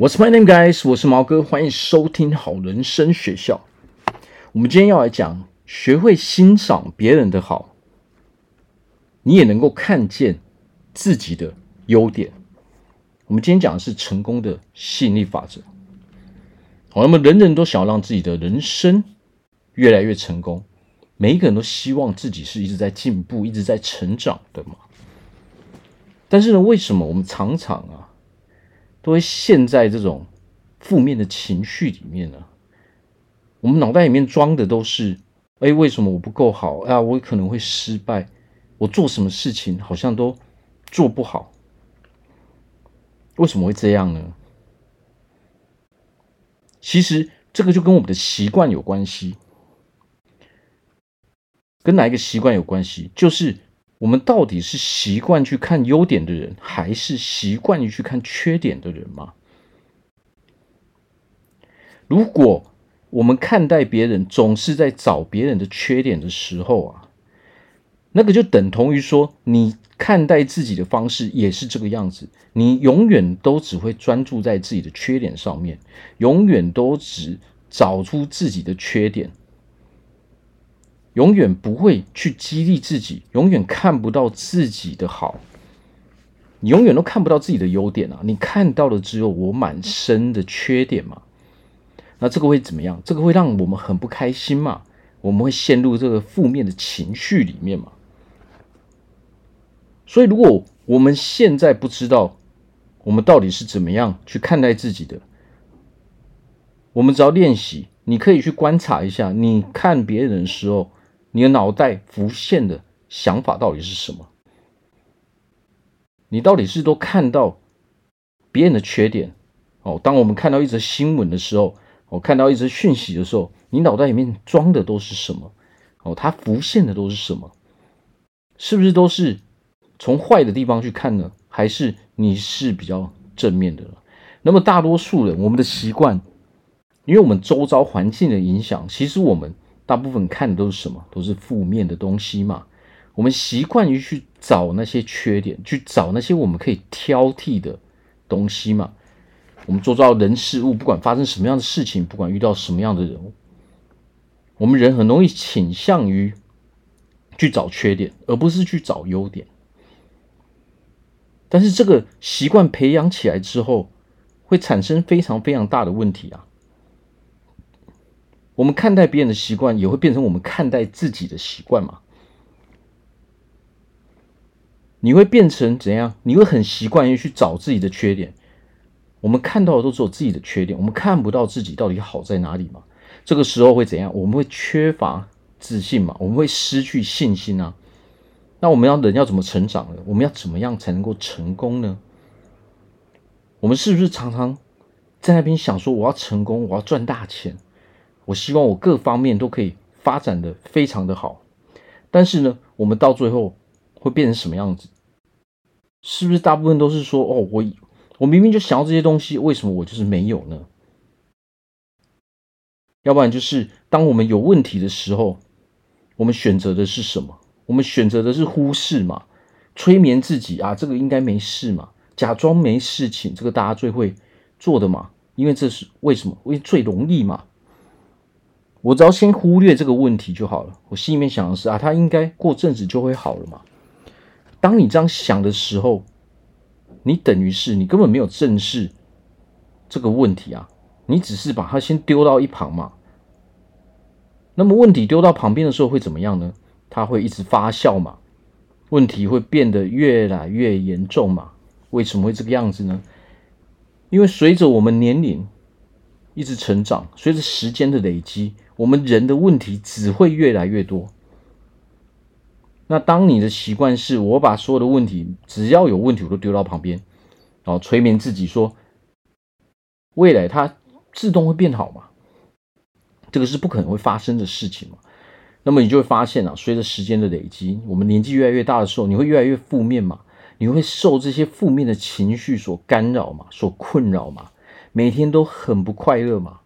What's my name, guys？我是毛哥，歡迎收聽好人生學校。我們今天要來講學會欣賞別人的好，你也能夠看見自己的優點。我們今天講的是成功的吸引力法則。好，那麼人人都想讓自己的人生越來越成功，每一個人都希望自己是一直在進步、一直在成長的嘛。但是呢，為什麼我們常常啊，都會陷在這種負面的情緒裡面了，啊。我們腦袋裡面裝的都是：哎，為什麼我不夠好？啊，我可能會失敗。我做什麼事情好像都做不好。為什麼會這樣呢？其實這個就跟我們的習慣有關係。跟哪一個習慣有關係？就是。我們到底是習慣去看優點的人，還是習慣於去看缺點的人嗎？如果我們看待別人總是在找別人的缺點的時候啊，那個就等同於說你看待自己的方式也是這個樣子，你永遠都只會專注在自己的缺點上面，永遠都只找出自己的缺點。永遠不會去激勵自己，永遠看不到自己的好，你永遠都看不到自己的優點啊！你看到了只有我滿身的缺點嘛，那這個會怎麼樣？這個會讓我們很不開心嘛？我們會陷入這個負面的情緒裡面嘛？所以，如果我們現在不知道我們到底是怎麼樣去看待自己的，我們只要練習，你可以去觀察一下，你看別人的時候。你的腦袋浮現的想法到底是什麼？你到底是都看到別人的缺點哦？當我們看到一則新聞的時候，我、哦、看到一則訊息的時候，你腦袋裡面裝的都是什麼？哦，它浮現的都是什麼？是不是都是從壞的地方去看呢？還是你是比較正面的？那麼，大多數人我們的習慣，因為我們周遭環境的影響，其實我們。大部分看的都是什麼？都是負面的東西嘛。我們習慣於去找那些缺點，去找那些我們可以挑剔的東西嘛。我們周遭的人事物，不管發生什麼樣的事情，不管遇到什麼樣的人物，我們人很容易傾向於去找缺點，而不是去找優點。但是這個習慣培養起來之後，會產生非常非常大的問題啊。我們看待別人的習慣，也會變成我們看待自己的習慣嘛。你會變成怎樣？你會很習慣於去找自己的缺點。我們看到的都是我自己的缺點，我們看不到自己到底好在哪裡嘛。這個時候會怎樣？我們會缺乏自信嘛。我們會失去信心啊。那我們要人要怎麼成長呢？我們要怎麼樣才能夠成功呢？我們是不是常常在那邊想說，我要成功，我要賺大錢？我希望我各方面都可以發展的非常的好，但是呢，我們到最後會變成什麼樣子？是不是大部分都是說，哦，我我明明就想要這些東西，為什麼我就是沒有呢？要不然就是當我們有問題的時候，我們選擇的是什麼？我們選擇的是忽視嘛，催眠自己啊，這個應該沒事嘛，假裝沒事情，這個大家最會做的嘛，因為這是為什麼？因為最容易嘛。我只要先忽略這個問題就好了。我心裡面想的是啊，它應該過陣子就會好了嘛。當你這樣想的時候，你等於是你根本沒有正視這個問題啊，你只是把它先丟到一旁嘛。那麼問題丟到旁邊的時候會怎麼樣呢？它會一直發酵嘛，問題會變得越來越嚴重嘛。為什麼會這個樣子呢？因為隨着我們年齡一直成長，隨着時間的累積。我們人的問題只會越來越多。那當你的習慣是，我把所有的問題，只要有問題我都丟到旁邊，然後催眠自己說，未來它自動會變好嘛。這個是不可能會發生的事情嘛。那麼你就會發現啊，隨着時間的累積，我們年紀越來越大的時候，你會越來越負面嘛。你會受這些負面的情緒所干擾嘛，所困擾嘛，每天都很不快樂嘛。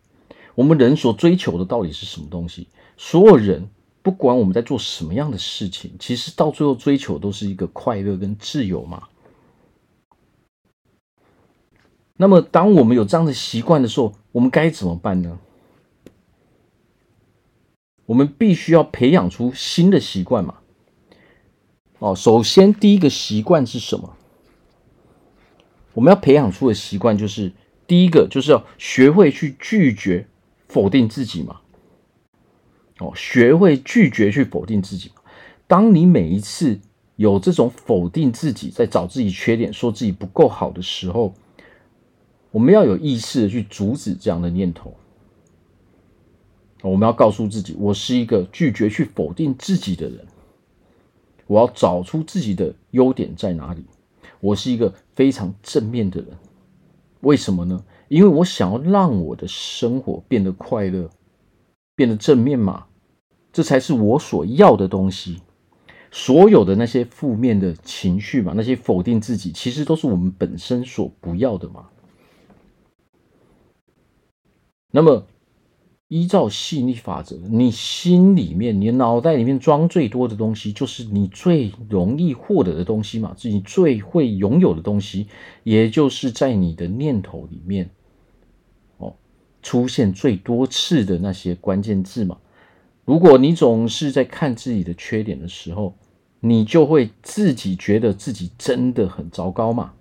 我們人所追求的到底是什麼東西？所有人不管我們在做什麼樣的事情，其實到最後追求都是一個快樂跟自由嘛。那麼，當我們有這樣的習慣的時候，我們該怎麼辦呢？我們必須要培養出新的習慣嘛。哦，首先第一個習慣是什麼？我們要培養出的習慣就是第一個就是要學會去拒絕。否定自己嘛？哦，學會拒絕去否定自己。當你每一次有這種否定自己，在找自己缺點，說自己不夠好的時候，我們要有意識的去阻止這樣的念頭。哦，我們要告訴自己，我是一個拒絕去否定自己的人。我要找出自己的優點在哪裡。我是一個非常正面的人。為什麼呢？因為我想要讓我的生活變得快樂，變得正面嘛，這才是我所要的東西。所有的那些負面的情緒嘛，那些否定自己，其實都是我們本身所不要的嘛。那麼，依照吸引力法則，你心裡面、你腦袋裡面裝最多的東西，就是你最容易獲得的東西嘛，自己最會擁有的東西，也就是在你的念頭裡面。出現最多次的那些關鍵字嘛。如果你總是在看自己的缺點的時候，你就會自己覺得自己真的很糟糕嘛。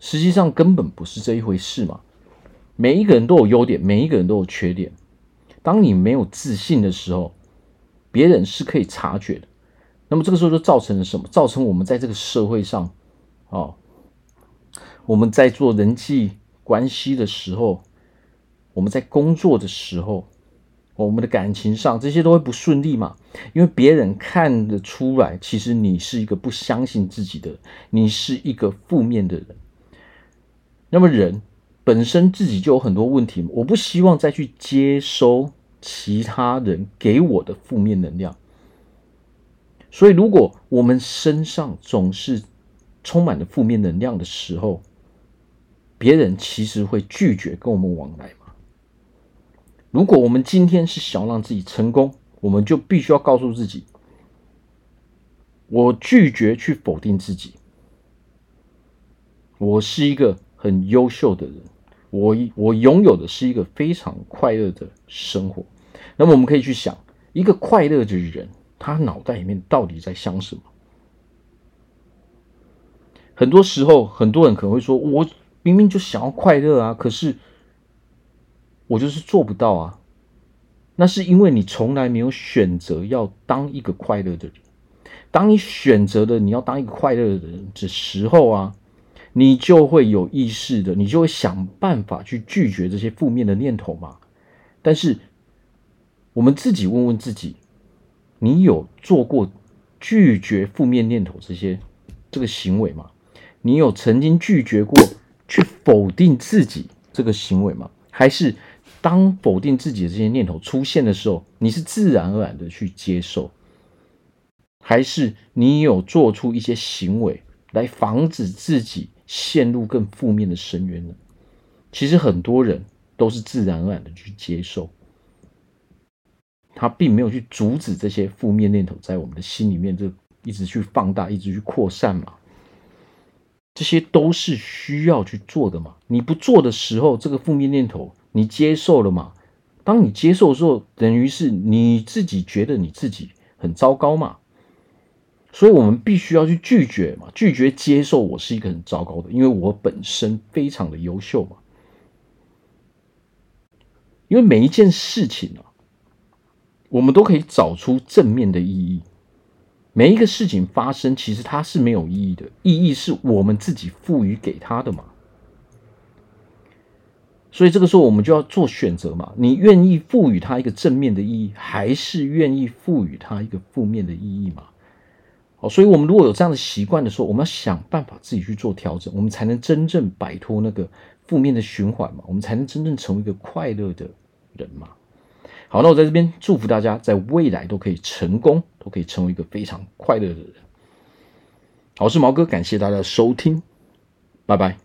實際上根本不是這一回事嘛！每一個人都有優點，每一個人都有缺點。當你沒有自信的時候，別人是可以察覺的。那麼這個時候就造成了什麼？造成我們在這個社會上，啊，我們在做人際關係的時候。我們在工作的時候，我們的感情上這些都會不順利嘛，因為別人看得出來，其實你是一個不相信自己的，你是一個負面的人。那麼人本身自己就有很多問題，我不希望再去接收其他人給我的負面能量。所以，如果我們身上總是充滿了負面能量的時候，別人其實會拒絕跟我們往來嘛。如果我們今天是想讓自己成功，我們就必須要告訴自己：我拒絕去否定自己，我是一個很優秀的人，我我擁有的是一個非常快樂的生活。那麼，我們可以去想，一個快樂的人，他腦袋裡面到底在想什麼？很多時候，很多人可能會說：“我明明就想要快樂啊，可是……”我就是做不到啊！那是因為你從來沒有選擇要當一個快樂的人。當你選擇了你要當一個快樂的人的時候啊，你就會有意識的，你就會想辦法去拒絕這些負面的念頭嘛。但是我們自己問問自己，你有做過拒絕負面念頭這些這個行為嗎？你有曾經拒絕過去否定自己這個行為嗎？還是？當否定自己的這些念頭出現的時候，你是自然而然的去接受，還是你有做出一些行為來防止自己陷入更負面的深淵呢？其實很多人都是自然而然的去接受，他並沒有去阻止這些負面念頭在我們的心裡面就一直去放大、一直去擴散嘛。這些都是需要去做的嘛。你不做的時候，這個負面念頭。你接受了嗎？當你接受的時候，等於是你自己覺得你自己很糟糕嘛？所以，我們必須要去拒絕嘛，拒絕接受我是一個很糟糕的，因為我本身非常的優秀嘛。因為每一件事情啊，我們都可以找出正面的意義。每一個事情發生，其實它是沒有意義的，意義是我們自己賦予給它的嘛。所以這個時候我們就要做選擇嘛，你願意賦予它一個正面的意義，還是願意賦予它一個負面的意義嘛？好，所以我們如果有這樣的習慣的時候，我們要想辦法自己去做調整，我們才能真正擺脫那個負面的循環嘛，我們才能真正成為一個快樂的人嘛。好，那我在這邊祝福大家，在未來都可以成功，都可以成為一個非常快樂的人。好，我是毛哥，感謝大家的收聽，拜拜。